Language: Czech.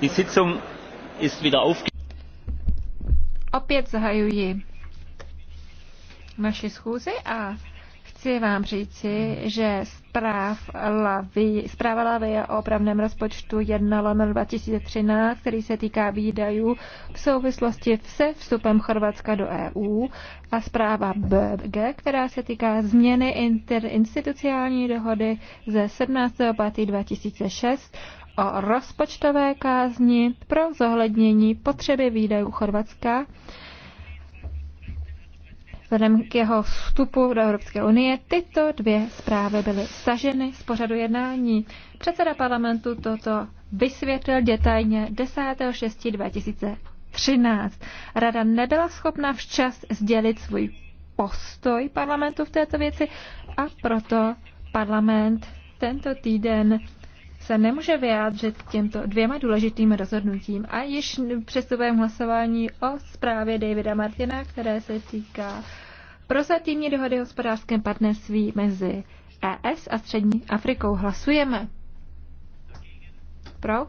Die Sitzung ist wieder Opět zahajuji naši schůzi a chci vám říci, že zpráv Lavi, zpráva je o opravném rozpočtu 1 lomen 2013, který se týká výdajů v souvislosti se vstupem Chorvatska do EU a zpráva BG, která se týká změny interinstitucionální dohody ze 17.5.2006 o rozpočtové kázni pro zohlednění potřeby výdajů Chorvatska vzhledem k jeho vstupu do Evropské unie, tyto dvě zprávy byly staženy z pořadu jednání. Předseda parlamentu toto vysvětlil detailně 10.6.2013. Rada nebyla schopna včas sdělit svůj postoj parlamentu v této věci a proto parlament tento týden se nemůže vyjádřit těmto dvěma důležitým rozhodnutím a již přistupujeme hlasování o zprávě Davida Martina, které se týká prozatímní dohody o hospodářském partnerství mezi ES a Střední Afrikou. Hlasujeme. Pro?